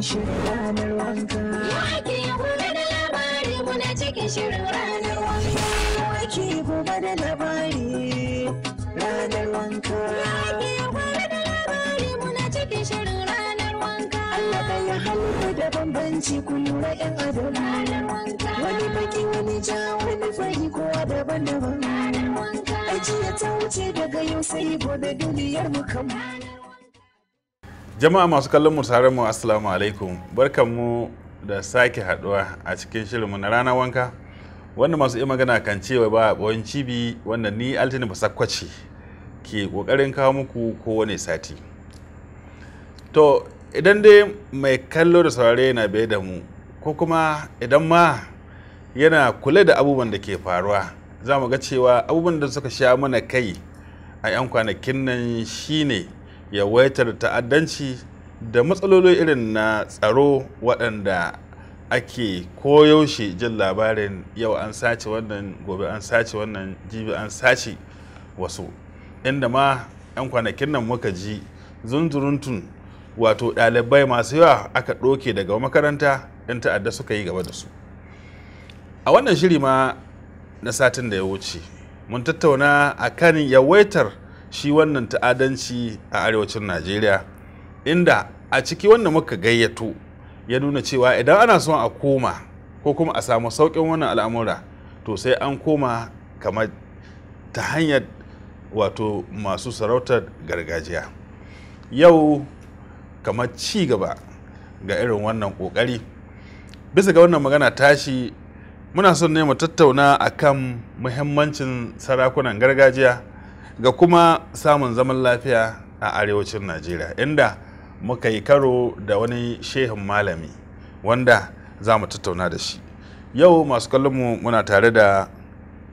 cikin shirin ranar wanka. Waki gobe da labari mu na cikin shirin ranar wanka. Waki gobe da labari ranar wanka. Waki gobe da labari mu na cikin shirin ranar wanka. Allah ɗaya halitta da bambanci ku lura 'yan adam. Ranar wanka. Wani baki wani ja wani fari kowa daban-daban. Ranar wanka. Ajiya ta wuce daga yau sai gobe duniyar mu kama. jama'a masu kallon mu tare mu assalamu alaikum barkanmu da sake haduwa a cikin shirinmu na rana wanka wanda masu iya magana kan cewa ba boyin cibi wanda ni altini sakwaci ke kokarin kawo muku kowane sati to idan dai mai kallo da saurare yana bai da mu ko kuma idan ma yana kula da abubuwan da ke faruwa za mu ga cewa abubuwan da suka sha mana kai a 'yan kwanakin nan shine yawaitar ta'addanci da matsaloli irin na tsaro waɗanda ake koyaushe jin labarin yau an sace wannan gobe an sace wannan jibi an sace wasu inda ma 'yan kwanakin nan muka ji zunzuruntun wato ɗalibai masu yawa aka ɗoke daga makaranta in ta'adda suka yi gaba da su a wannan shiri ma na satin da ya wuce mun tattauna a kan yawaitar shi wannan ta'adanci a arewacin najeriya inda a ciki wannan muka gayyato ya nuna cewa idan ana son a koma ko kuma a samu sauƙin wannan al'amura to sai an koma kamar ta hanyar wato masu sarautar gargajiya yau kamar ci gaba ga irin wannan ƙoƙari bisa ga wannan magana tashi muna son ne mu tattauna akan muhimmancin sarakunan gargajiya ga kuma samun zaman lafiya a arewacin najeriya inda muka yi karo da wani shehin malami wanda za mu tattauna da shi yau masu kallonmu muna tare da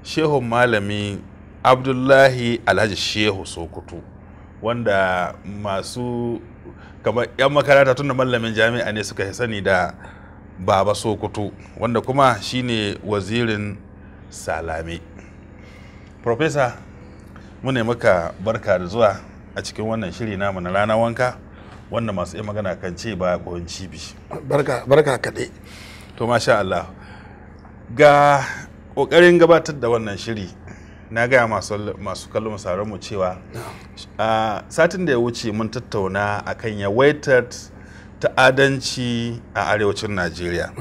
shehun malami abdullahi alhaji shehu sokoto wanda masu kamar 'yan makaranta tun da mallamin jami'a ne suka sani da baba sokoto wanda kuma shine wazirin salame profesa mune maka barka da zuwa a cikin wannan shiri namu na rana wanka wanda masu iya magana kan ce ba koyon cibi barka kaɗai to masha Allah ga ƙoƙarin gabatar da wannan shiri na gaya masu kallon sauran mu cewa a satin da ya wuce mun tattauna a kan yawaitar ta'adanci a arewacin najeriya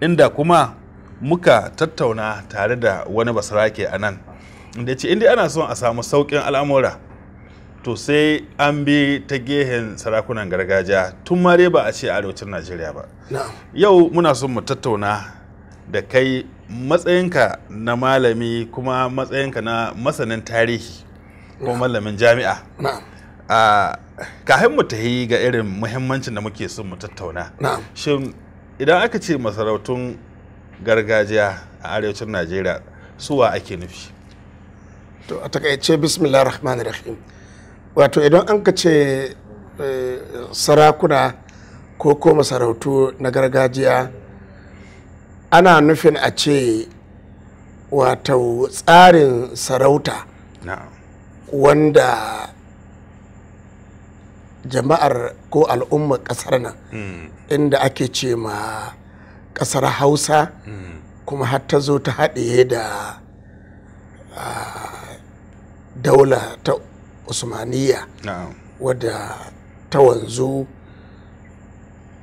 inda kuma muka tattauna tare da wani basarake a nan da ce inda ana son a samu saukin al'amura to sai an bi ta gehen sarakunan gargajiya tun ma ba a ce arewacin najeriya ba yau muna son mu tattauna da kai matsayinka na malami kuma matsayinka na masanin tarihi ko malamin jami'a kafin mu tahi ga irin muhimmancin da muke son mu tattauna shin idan aka ce masarautun gargajiya a arewacin najeriya suwa ake nufi to a takaice bismillah rahman rahim wato idan an ka ce eh, sarakuna ko ko masarautu na gargajiya ana nufin a ce wato tsarin sarauta wanda jama'ar ko al'ummar kasar nan hmm. inda ake ce ma kasar hausa hmm. kuma har ta zo ta haɗe da ah, daula ta usmaniya wadda ta wanzu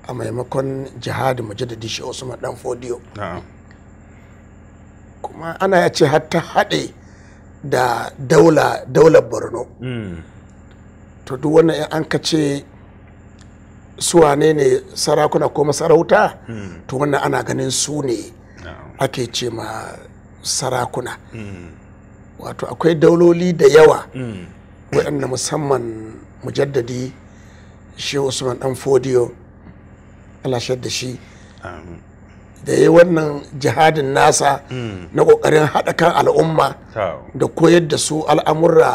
a maimakon jihadi majadadi shi usman dan fodiyo kuma ana ya ce hatta haɗe da daula daular borno hmm. to duk wannan an ka ce ne ne sarakuna ko masarauta hmm. to wannan ana ganin su ne ake ce ma sarakuna hmm. wato akwai dauloli da yawa mm. waɗanda musamman mujaddadi shi usman dan fodiyo alashar da shi da yi wannan jihadin nasa mm. na ƙoƙarin haɗa kan al'umma da koyar da su al'amurra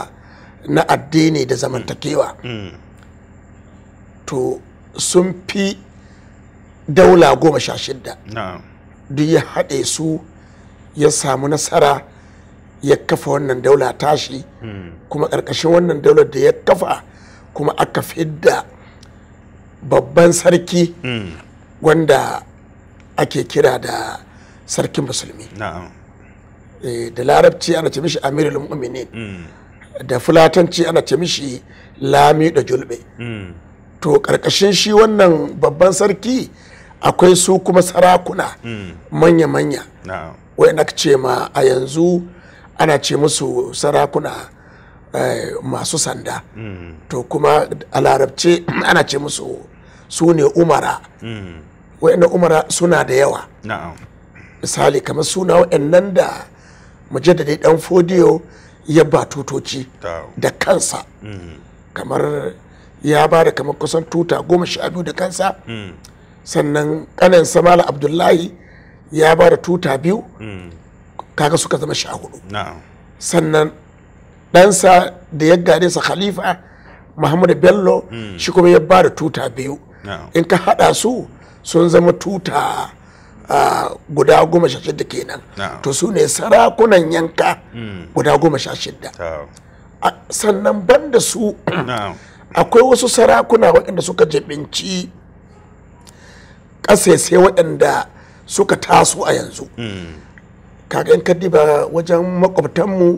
na addini da zamantakewa mm. to sun fi daula goma sha shidda duk ya haɗe su ya samu nasara ya kafa wannan daula tashi kuma ƙarƙashin wannan daular da ya kafa kuma aka fidda babban sarki wanda ake kira da sarkin musulmi eh, da larabci ana ce mishi amirul mu'minin mm. da fulatanci ana ce mishi lami da julbe mm. to ƙarƙashin shi wannan babban sarki akwai su kuma sarakuna mm. manya-manya Wai aka ce ma a yanzu ana ce musu sarakuna eh, masu sanda to kuma a larabce ana ce musu su ne umara wa'annan umara suna da yawa misali kamar suna wa'annan da mujaddadi dan fodiyo ya ba tutoci da kansa kamar ya ba da kamar kusan tuta goma sha biyu da kansa mm. sannan kanin samala abdullahi ya ba da tuta biyu mm. kaga suka zama sha hudu sannan ɗansa da ya gare sa khalifa muhammadu bello hmm. shi kuma ya ba da tuta biyu in ka haɗa su sun zama tuta guda goma sha shida kenan to su ne sarakunan yanka hmm. guda goma sha shida sannan banda su akwai wasu sarakuna waɗanda suka jibinci sai waɗanda suka taso a yanzu hmm. kagan kadiba wajen makwabtanmu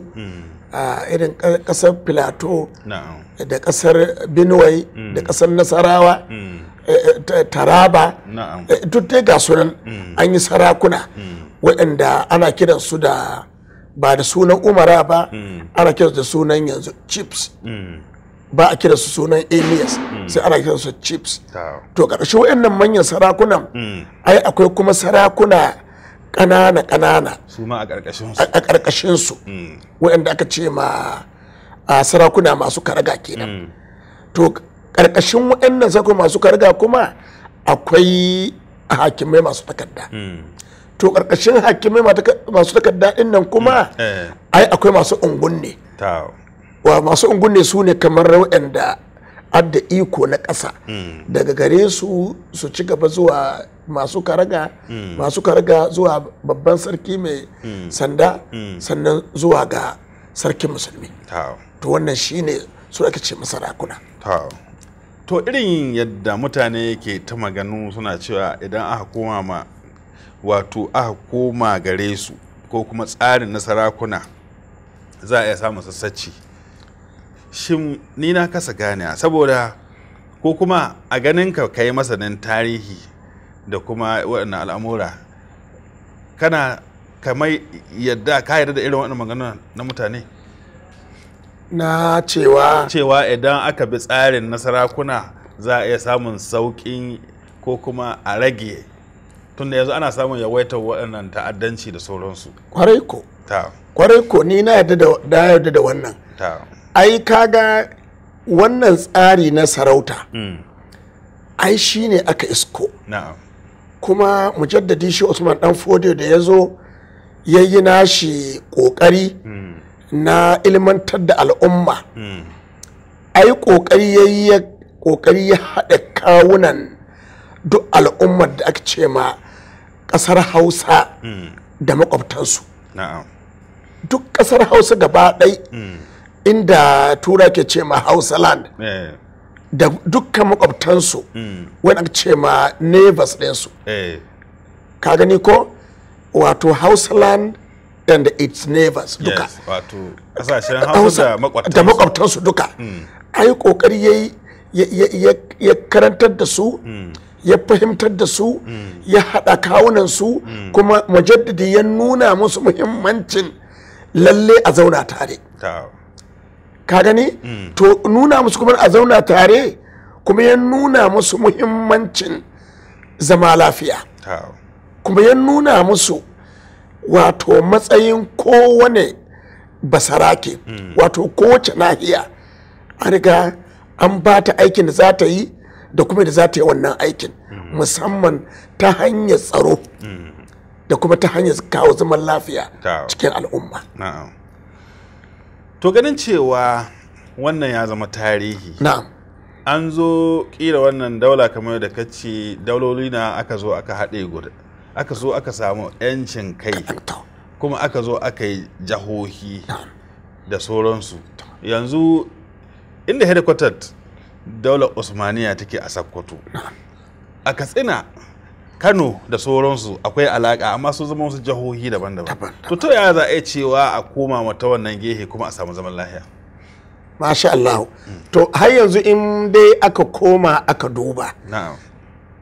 a irin kasar filato da kasar binuwai mm. da kasar nasarawa mm. eh, eh, taraba eh, duk dai ga sunan mm. an yi sarakuna waɗanda ana kiransu da ba da sunan umara ba ana kiransu da sunan yanzu chips ba a kira su sunan alias sai ana kira su chips to ƙarshe waɗannan manyan sarakunan ai akwai kuma sarakuna ƙanana ƙanana su ma a karkashin su mm. waɗanda aka ce ma a sarakuna masu karga kenan mm. to ƙarƙashin waɗannan sarakuna masu karga kuma akwai hakimai masu takarda mm. to ƙarƙashin hakimai masu takarda din nan kuma eh. ai akwai masu ungun ne wa masu ungun ne su ne kamar waɗanda adda iko na ƙasa mm. daga gare su su ci gaba zuwa masu karaga mm. masu karaga zuwa babban sarki mai mm. sanda sannan zuwa ga sarkin musulmi to wannan shine su aka ce masarakuna to irin yadda mutane ke ta maganu suna cewa idan aka koma ma wato aka koma gare su ko kuma tsarin na sarakuna za a iya samun sassaci shin ni na kasa gane saboda ko kuma a ganin ka kai masanin tarihi da kuma waɗannan al'amura kana kamar yadda ka yarda da irin waɗannan magana na mutane na cewa cewa idan aka bi tsarin na sarakuna za a iya samun sauƙin ko kuma a rage tunda yanzu ana samun yawaitar waɗannan ta'addanci da sauransu kwarai ko kwarai ko ni na yarda da da wannan ai kaga wannan tsari na sarauta hmm. ai shi ne aka isko kuma mujaddadi shi usman dan fodio da ya zo ya yi nashi ƙoƙari hmm. na ilmantar da al'umma hmm. ai kokari ya yi kokari ya haɗa kawunan duk al'ummar da aka ce ma ƙasar hausa da makwabtansu duk ƙasar hausa gaba ɗai inda tura ke ce ma land, eh. da dukkan makwabtansu mm. wani ce ma neighbors ɗinsu eh. ka gani ko wato land and its neighbors duka da makwabtansu duka mm. ai kokari yayi ya karantar da su mm. ya fahimtar da su ya haɗa kawunan su kuma majaddadi ya nuna musu muhimmancin lalle a zauna tare ka gani mm. to nuna musu kuma a zauna tare kuma ya nuna musu muhimmancin zama lafiya kuma ya nuna musu wato matsayin kowane basarake mm. wato kowace nahiya an riga an ba ta aikin da za ta yi da kuma da za ta yi wannan aikin mm. musamman ta hanyar tsaro da kuma ta hanyar kawo zaman lafiya cikin al'umma. to ganin cewa wannan ya zama tarihi an zo kira wannan daula kamar da kace dauloli na aka zo aka haɗe guda aka zo aka samu 'yancin kai kuma aka zo aka yi jahohi da sauransu yanzu inda headquartered daular usmaniya take a sakkwato a katsina kano da sauransu akwai alaka amma sun zama wasu jihohi daban-daban to to ya za a yi cewa a koma mata wannan gehe kuma a samu zaman lahiya masha Allah mm. to har yanzu in dai aka koma aka duba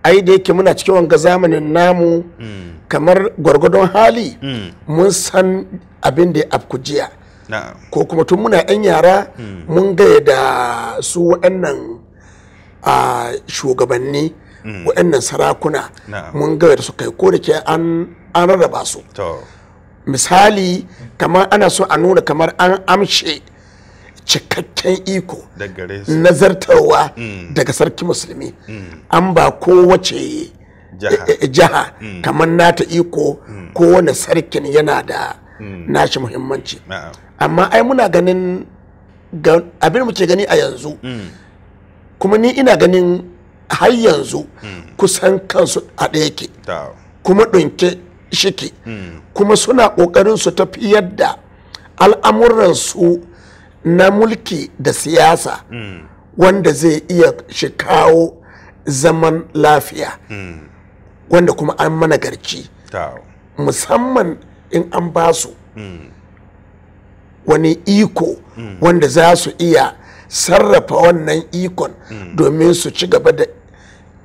ai da yake muna cikin wanga zamanin namu mm. kamar gwargwadon hali mm. mun san abin da ya afku jiya ko kuma tun muna 'yan yara mun gaya da su waɗannan ah, shugabanni Mm. waɗannan sarakuna mun ga da suka yi ko da ke an rarraba su misali kamar ana so a nuna kamar an amshe cikakken iko nazartarwa mm. daga sarki musulmi mm. an ba kowace jiha eh, eh, kamar nata iko kowane sarkin yana da nashi muhimmanci amma ai muna ganin abin mu muke gani a yanzu kuma ni ina ganin har yanzu kusan kansu a ɗaya ke kuma ɗunke shike kuma suna ƙoƙarin su tafiyar da al'amuransu na mulki da siyasa wanda zai iya shi kawo zaman lafiya wanda kuma an mana garci musamman in an basu mm. wani iko wanda za su iya sarrafa wannan ikon mm. domin su ci gaba da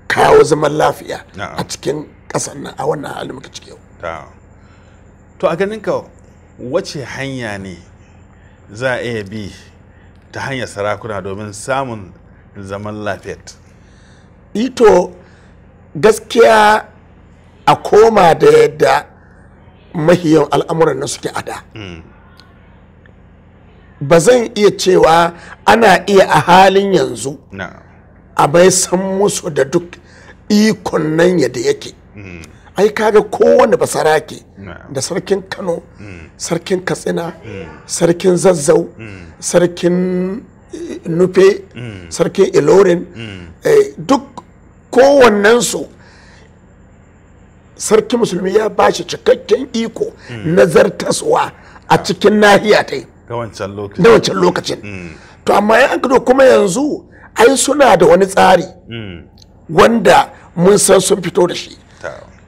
kawo zaman lafiya a cikin ƙasar nan a wannan halin muka ciki yau to a ganin ka wace hanya ne za a iya bi ta hanyar sarakuna domin samun zaman lafiya ito gaskiya a koma da yadda mahiyan al'amuran na suke ada. Mm. ba zan iya cewa ana iya a halin yanzu a bai san musu da duk ikon nan yadda yake mm. ai kaga kowane sarake da sarkin kano mm. sarkin katsina mm. sarkin zazzau sarkin eh, nufe sarkin ilorin eh, duk kowannensu sarki musulmi ya ba shi cikakken iko na zartaswa a cikin nahiya ta da wancan lokacin mm. to amma ya kuma yanzu ai suna da wani tsari mm. wanda mun san sun fito da shi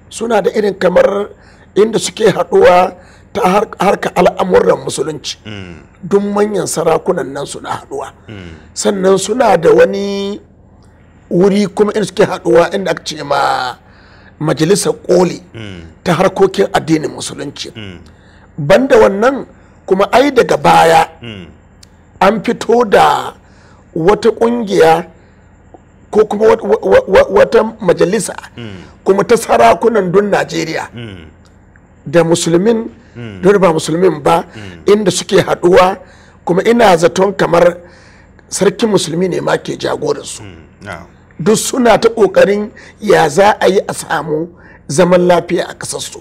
suna da irin kamar inda suke haduwa ta harka al'amuran musulunci mm. duk manyan sarakunan nan suna haduwa sannan suna da wani wuri kuma inda suke haduwa inda aka ce ma majalisar koli ta harkokin addinin musulunci banda wannan kuma ai daga baya hmm. an fito da wata kungiya ko kuma wata majalisa hmm. kuma ta sarakunan don najeriya hmm. da musulmin don ba musulmin ba inda suke haduwa kuma ina zaton kamar sarkin musulmi ne ma ke jagoransu duk suna ta kokarin ya za a yi a samu zaman lafiya a ƙasarsu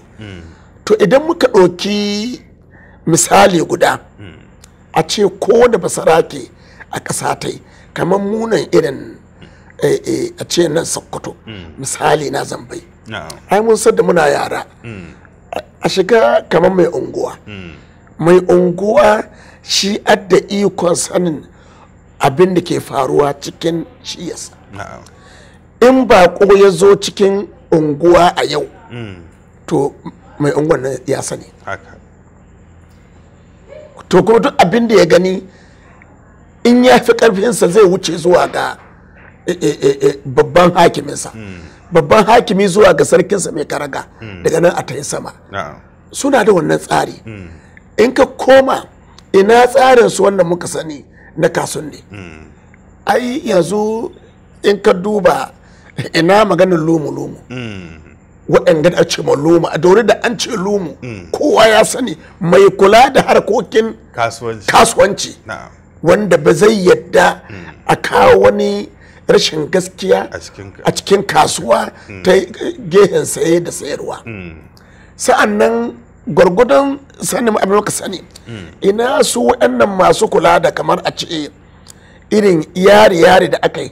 to idan muka ɗauki misali guda a ce ko da sarake a ƙasa ta yi kamar munan irin eh, eh, a ce nan sokoto misali na zambai ai mun da muna yara a shiga kamar mai unguwa mai unguwa shi adda ikon sanin abin da ke faruwa cikin shiyasa in ba ko ya zo cikin unguwa a yau mm. to mai unguwa ya sani to kuma duk abin da ya gani in ya fi karfinsa zai wuce zuwa ga eh, eh, eh, babban hakiminsa babban hakimi zuwa ga sarkinsa mai karaga daga nan a ta sama suna da wannan tsari hmm. in ka koma ina tsarin su wannan muka sani na ne hmm. ai yanzu in ka duba ina maganin lumu-lumu hmm. waɗanda da ce ma lumu, a dori da an ce lumu, kowa ya sani mai kula da harkokin kasuwanci wanda ba zai yadda hmm. a kawo wani rashin gaskiya a cikin kasuwa hmm. ta gehen saye da sayarwa hmm. Sa'annan nan gwargwadon sani abin maka sani ina su waɗannan masu kula da kamar a ce irin yari-yari da aka yi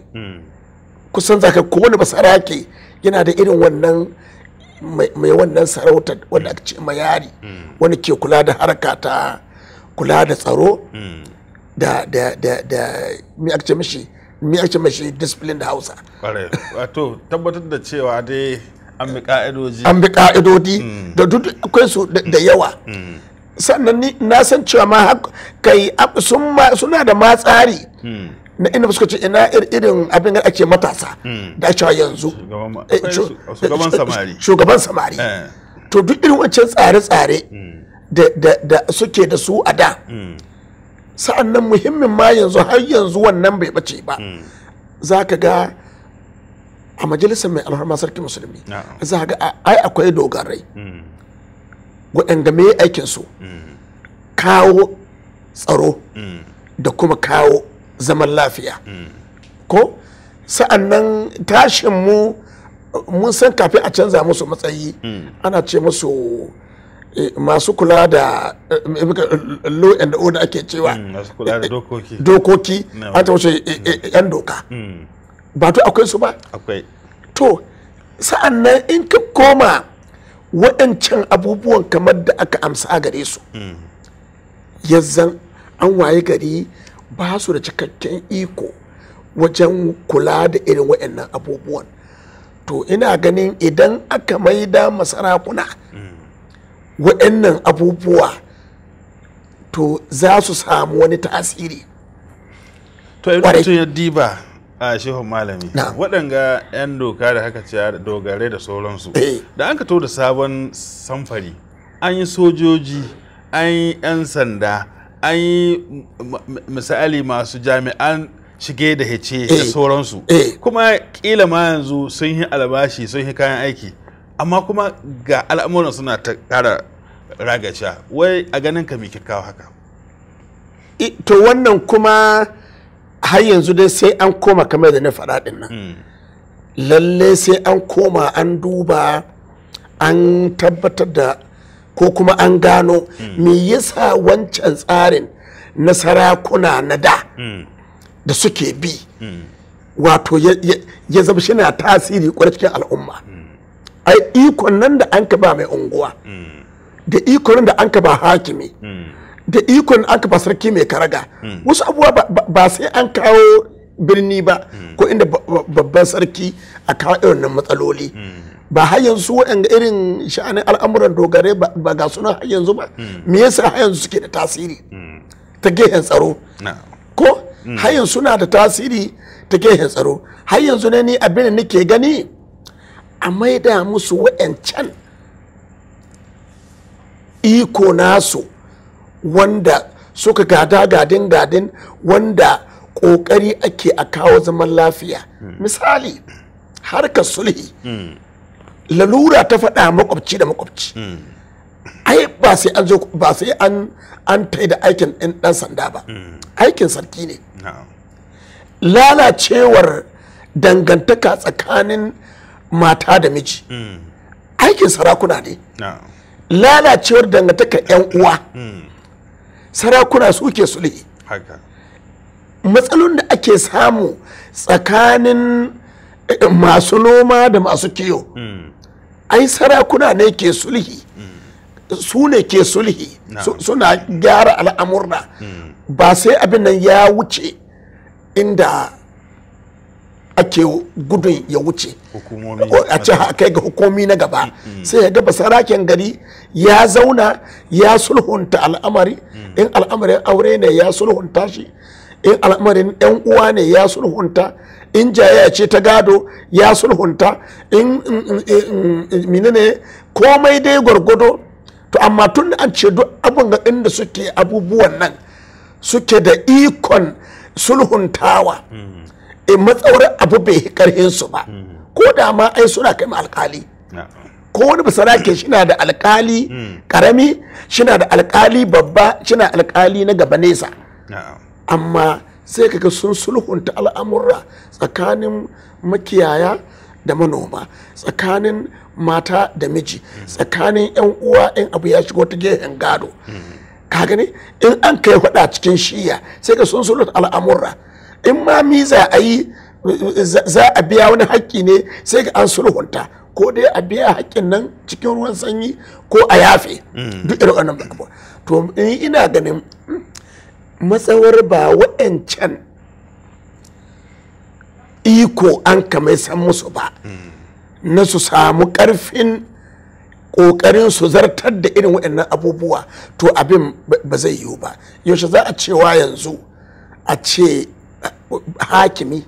kusan zaka kowane basarake yana da irin wannan mai wannan sarautar wanda aka ce mayari wani ke kula da harka ta kula da tsaro da da da da mi aka ce mishi mi aka ce mishi discipline da Hausa kware wato tabbatar da cewa dai an bi ka'idoji an bi ka'idodi mm. da duk akwai su da yawa mm. sannan ni na san cewa ma kai suna da matsari. Mm. na inda su ce ina irin abin da ake matasa hmm. da ake yanzu shugaban eh, samari eh. to duk irin wancan tsare-tsare hmm. da suke da su a da hmm. sa'an nan muhimmin ma yanzu har yanzu wannan bai bace ba za ka ga a majalisar mai alhama sarki musulmi za ka ga ai akwai dogarai waɗanda game aikin su kawo tsaro da kuma kawo zaman lafiya ko sa'annan tashin mu mun san kafin a canza musu matsayi ana ce musu eh, masu kula da eh, eh, law and order ake cewa mm, masu kula da dokoki dokoki an ta wuce yan doka mm. ba to akwai su ba akwai to sa'an nan in ka koma waɗancan abubuwan kamar da aka amsa gare su mm. yanzan an waye gari ba su da cikakken iko wajen kula da irin waɗannan abubuwan to ina ganin idan aka maida masarakuna mm. waɗannan abubuwa to za su samu wani tasiri to mutum ya diba a shehu malami waɗanga 'yan doka da haka ciya dogare da sauransu eh. da an ka to da sabon samfari an yi sojoji an yi 'yan sanda an yi misali masu jami'an shige da hece da eh. sauransu eh. kuma kila ma yanzu sun yi albashi sun yi kayan aiki amma kuma ga al'amuran suna ta kara ragasha wai a ganin ka ke kawo haka to wannan kuma har yanzu dai sai an koma kamar da na faɗa ɗin nan hmm. lalle sai an koma an duba an tabbatar da ko kuma an gano me yasa wancan tsarin na sarakuna na da da suke bi wato ya zama shi na tasiri kwarar cikin al'umma a ikon nan da an ka ba mai unguwa da ikon nan da an ka ba hakimi da ikon an ka ba sarki mai karaga wasu abubuwa ba sai an kawo birni ba ko inda babban sarki a kawo irin matsaloli ba har yanzu waɗanda irin sha'anin al'amuran dogare ba ga sunan har yanzu ba hmm. me yasa har yanzu suke da tasiri hmm. ta gehen tsaro ko hmm. har yanzu suna da tasiri ta gehen tsaro har yanzu ne ni abin da nake gani a maida musu waɗancan iko nasu wanda suka gada gadin gadin wanda ƙoƙari ake a kawo zaman lafiya misali harkar sulhi lalura ta faɗa makwabci da makwabci hmm. ai ba sai an zo ba sai an an tai da aikin ɗan ɗan sanda ba hmm. aikin sarki ne lalacewar dangantaka tsakanin mata da miji hmm. aikin sarakuna ne lalacewar dangantaka 'yan uwa sarakuna su suke sulhi matsalolin da ake samu tsakanin eh, masu noma da masu kiyo ai sarakuna ne ke sulhi su ne ke sulhi suna gyara al'amurna hmm. ba sai abin nan ya wuce inda ake gudun ya wuce a ce kai ga hukumi na gaba hmm, hmm. sai ya gaba sarakin gari ya zauna ya sulhunta al'amari in al'amarin aure ne ya sulhunta shi in al'amarin yan uwa ne ya sulhunta in jayayya ce ta gado ya sulhunta in ne komai dai gwargwado to amma tun da an ce duk abin ga inda suke abubuwan nan suke da ikon sulhuntawa in eh, matsawar abu bai su ba ko da ma ai suna kai alkali ko wani basarake shina da alkali karami na da alkali babba shina alkali na gaba nesa amma sai kaga sun sulhunta al'amurra tsakanin makiyaya da manoma tsakanin mata da miji tsakanin 'yan uwa in abu ya shigo ta gehen gado ka gani in an kai faɗa cikin shiya sai ka sun sulhunta al'amurra in ma miza a yi za a biya wani haƙƙi ne sai ka an sulhunta ko dai a biya haƙƙin nan cikin ruwan sanyi ko a yafe mm. duk irin wannan to ina ganin matsawar ba wayancan iko an kamai san musu ba na su samu ƙarfin ƙoƙarin su zartar da irin waɗannan abubuwa to abin ba zai yiwu ba yaushe za a cewa yanzu a ce hakimi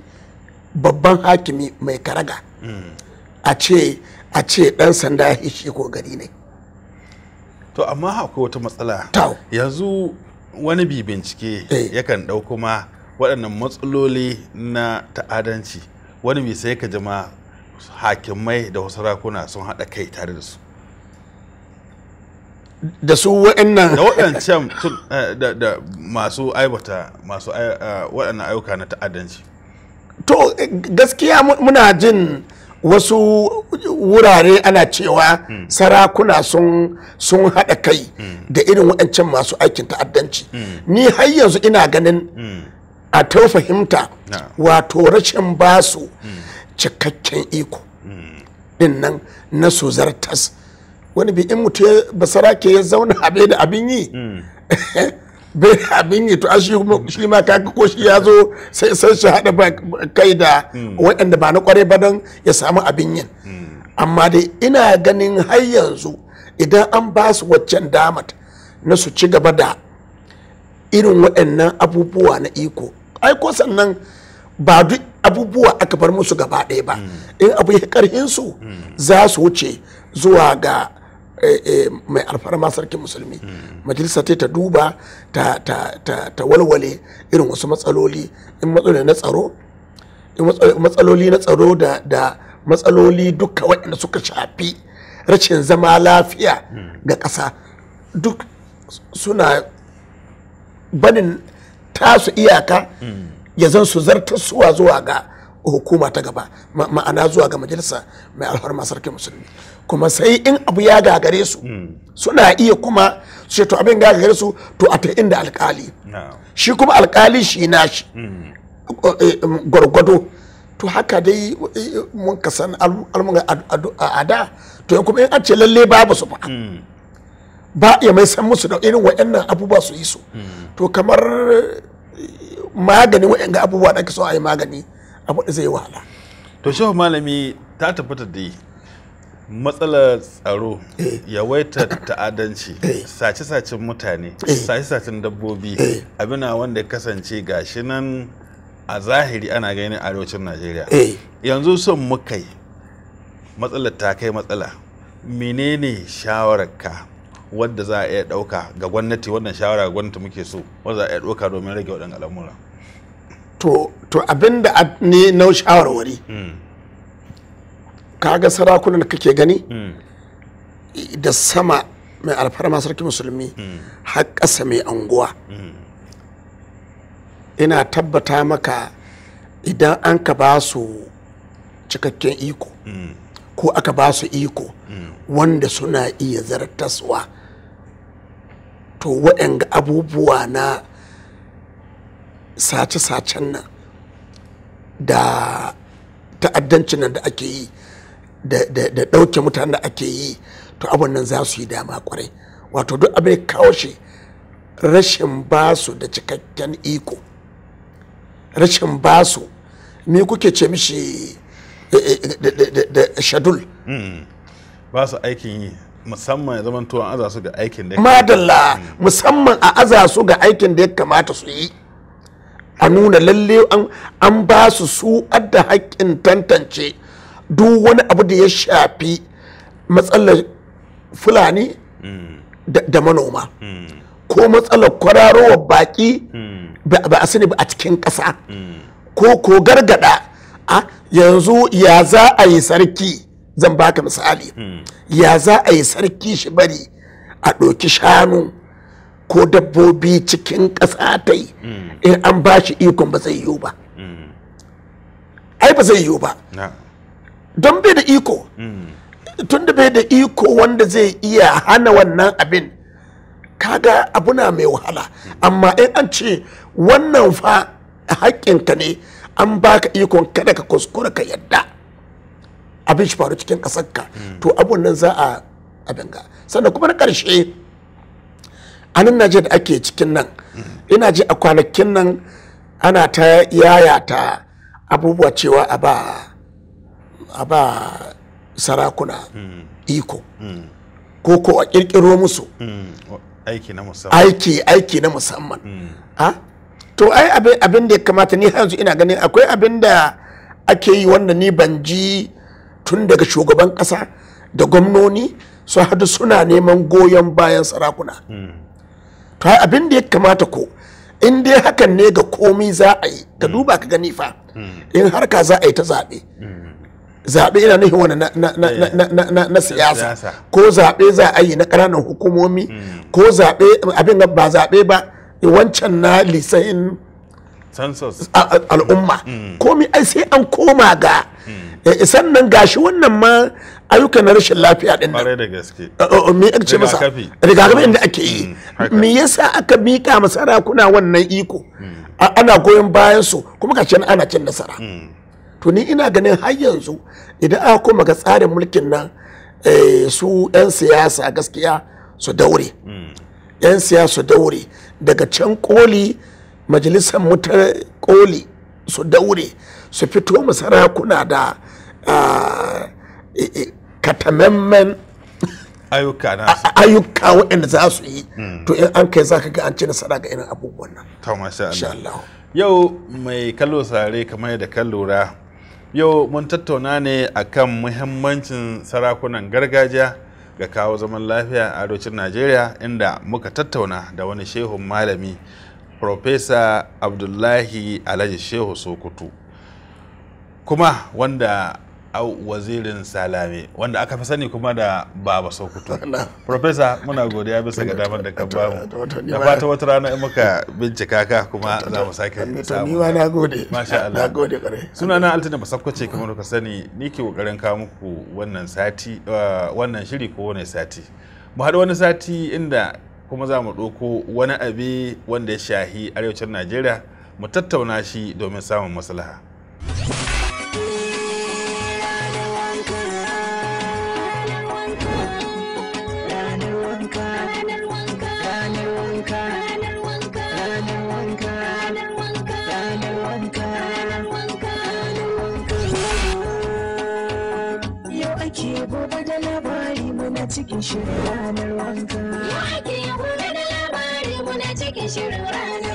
babban hakimi mai karaga a ce a ce ɗan sanda ya shi ko gari ne to amma haka wata matsala yanzu wani bi bincike eh. yakan ɗauko ma waɗannan matsaloli na ta'adanci wani bi sai ka jama hakimai da wasu rakuna sun haɗa kai tare da su da su waɗannan da waɗancan eh, da masu aibata masu eh, waɗannan ayyuka na ta'adanci to gaskiya muna jin wasu wurare ana cewa hmm. sarakuna sun sun haɗa kai hmm. da irin waɗancan masu aikin ta'addanci hmm. ni har yanzu ina ganin a ta fahimta wato rashin basu cikakken iko din nan na su zartas wani bi in mutu basara ke ya zauna abe abin yi bai abin yi to a shi ma kaka ko shi ya zo sai san shi haɗa kai da hmm. waɗanda ba na kwarai ba don ya samu abin yin hmm. amma dai ina ganin har yanzu idan an ba su waccan damat na su ci gaba da irin waɗannan abubuwa na iko ai ko sannan ba duk abubuwa aka bar musu gaba ɗaya ba hmm. in abu ya karhin su za su wuce zuwa ga Eh, eh, mai alfarma sarkin musulmi majalisa ta ta duba ta walwale irin wasu matsaloli in matsaloli na tsaro matsaloli na tsaro da matsaloli duka waɗanda suka shafi rashin zama lafiya ga ƙasa duk suna banin tasu iyaka ya zan su zartarsuwa zuwa ga hukuma ta gaba ma'ana zuwa ga majalisa mai alfahar sarkin musulmi kuma sai in abu ya gagare su hmm. suna iya kuma su ce to abin gagare su to a ta inda alkali shi kuma alkali shi na shi hmm. e, gwargwado to haka dai e, mun ka san ada a da to kuma in an ce lalle babu su ba hmm. ba ya mai san musu da irin wa'annan abubuwa su yi su to kamar e, magani wa'anga abubuwa da ake so a yi magani abu da zai wahala to shehu malami ta tabbata dai matsalar tsaro eh. yawaita ta'adanci eh. sace-sacen mutane eh. sace-sacen dabbobi abina wanda ya kasance gashi nan a zahiri ana gani a arewacin najeriya yanzu son muka yi matsalar ta kai matsala menene shawararka wadda za a iya dauka ga gwamnati wannan shawara ga gwamnati muke so wadda za a iya dauka domin rage waɗannan al'amura to abin ne na shawarwari hmm. kaga sarakunan da kake gani hmm. da sama mai alfarma sarki musulmi hmm. har ƙasa mai anguwa hmm. ina tabbata maka idan an ka ba su cikakken iko ko aka ba su iko wanda suna iya zartaswa to waɗanga abubuwa na sace-sacen nan da ta'addancin nan da ake yi da ɗauke mutanen da ake yi to abin nan za su yi dama kwarai wato duk abin kawo shi rashin basu da cikakken iko rashin basu me kuke ce mishi eh, eh, da shadul hmm. ba su aikin yi musamman ya zaman tuwon aza su ga aikin da ya madalla hmm. musamman a aza su ga aikin da ya kamata su yi a nuna lalle an ba su su adda haƙƙin tantance duk wani abu da ya shafi matsalar fulani da manoma ko matsalar kwararowar baki ba a sani ba a cikin ƙasa ko ko gargada a yanzu ya za a yi sarki zan baka misali ya za a yi sarki shi bari a ɗauki shanu ko dabbobi cikin ƙasa ta yi in an ba shi ikon ba zai yiwu ba ai ba zai yiwu ba don bai da iko hmm. tun da bai da iko wanda zai iya hana wannan abin kaga abuna mai wahala hmm. amma in an ce wannan fa haƙƙinka ne an baka ikon kada ka kuskura ka yadda abin shi faru cikin ƙasarka hmm. to abun nan za a abin ga sannan kuma na ƙarshe a nan naje da ake cikin nan ina ji a kwanakin nan ana ta ta abubuwa cewa a ba a ba sarakuna hmm. iko hmm. ko ko a kirkiro musu hmm. aiki aiki na musamman ah? to ai abin da ya kamata ni yanzu ina ganin akwai abin da ake yi wanda ni ban ji tun daga shugaban kasa da gwamnoni su hadu suna neman goyon bayan sarakuna to ai abin da ya kamata ko in dai hakan ne ga komi za a yi ka duba ka gani fa in harka za a yi ta zaɓe zaɓe yana nufin wani na, siyasa ko zaɓe za a yi na ƙananan hukumomi mm. ko zaɓe abin ba zaɓe ba wancan na lisayin al'umma mm. komi ai sai an koma ga mm. eh, sannan gashi wannan ma ayyuka na rashin lafiya ɗin nan da gaske eh, eh, me ake ce masa rigakafi inda ake yi me yasa aka mika masara kuna wannan iko ana goyon bayan su kuma ka ana cin nasara to ni ina ganin har yanzu idan aka koma ga tsarin mulkin nan eh, su 'yan siyasa gaskiya su daure 'yan hmm. siyasa su daure daga can koli majalisar mutar koli su daure su fito masarakuna da ah, eh, eh, katamemmen ayyuka na ayyuka waɗanda za su yi hmm. to in an kai za ga an ci nasara ga irin abubuwan nan yau mai kallo sare kamar yadda kan lura yau mun tattauna ne akan muhimmancin sarakunan gargajiya ga kawo zaman lafiya a arewacin najeriya inda muka tattauna da wani shehun malami Profesa Abdullahi Alhaji Shehu Sokoto kuma wanda au wazirin salame wanda aka fi sani kuma da baba sokoto profesa muna godiya bisa ga damar da ka bamu da fata wata rana in muka bincika ka kuma za mu sake samu ma na gode masha Allah na gode kare suna na altina basakwace kamar ka sani ni ke kokarin kawo muku wannan sati uh, wannan shiri ko wani sati mu haɗu wani sati inda kuma za mu ɗauko wani abi wanda ya shahi arewacin najeriya mu tattauna shi domin samun maslaha cikin shirin ranar wanka. Ya ake yi da labari na cikin shirin ranar